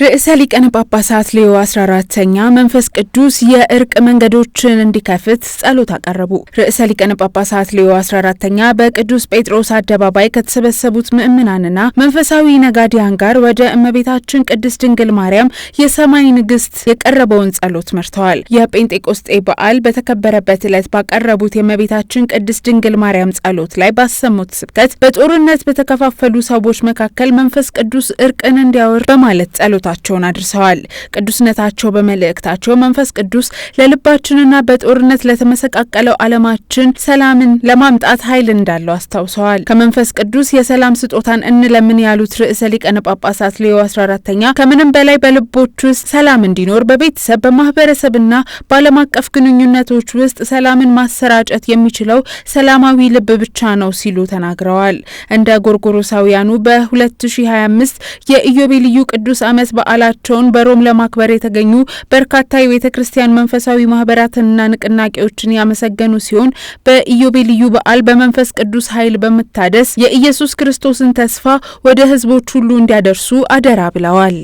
ርዕሰ ሊቃነ ጳጳሳት ሌዮ 14ተኛ መንፈስ ቅዱስ የእርቅ መንገዶችን እንዲከፍት ጸሎት አቀረቡ። ርዕሰ ሊቃነ ጳጳሳት ሌዮ 14ተኛ በቅዱስ ጴጥሮስ አደባባይ ከተሰበሰቡት ምዕምናንና መንፈሳዊ ነጋዲያን ጋር ወደ እመቤታችን ቅድስት ድንግል ማርያም የሰማይ ንግሥት የቀረበውን ጸሎት መርተዋል። የጴንጤቆስጤ በዓል በተከበረበት ዕለት ባቀረቡት የእመቤታችን ቅድስት ድንግል ማርያም ጸሎት ላይ ባሰሙት ስብከት በጦርነት በተከፋፈሉ ሰዎች መካከል መንፈስ ቅዱስ እርቅን እንዲያወርድ በማለት ጸሎት መልእክታቸውን አድርሰዋል። ቅዱስነታቸው በመልእክታቸው መንፈስ ቅዱስ ለልባችንና በጦርነት ለተመሰቃቀለው ዓለማችን ሰላምን ለማምጣት ኃይል እንዳለው አስታውሰዋል። ከመንፈስ ቅዱስ የሰላም ስጦታን እንለምን ያሉት ርዕሰ ሊቀን ጳጳሳት ሌዮ 14ተኛ ከምንም በላይ በልቦች ውስጥ ሰላም እንዲኖር በቤተሰብ በማህበረሰብና በዓለም አቀፍ ግንኙነቶች ውስጥ ሰላምን ማሰራጨት የሚችለው ሰላማዊ ልብ ብቻ ነው ሲሉ ተናግረዋል። እንደ ጎርጎሮሳውያኑ በ2025 የኢዮቤልዩ ቅዱስ ዓመት በዓላቸውን በሮም ለማክበር የተገኙ በርካታ የቤተ ክርስቲያን መንፈሳዊ ማህበራትንና ንቅናቄዎችን ያመሰገኑ ሲሆን በኢዮቤልዩ በዓል በመንፈስ ቅዱስ ኃይል በምታደስ የኢየሱስ ክርስቶስን ተስፋ ወደ ሕዝቦች ሁሉ እንዲያደርሱ አደራ ብለዋል።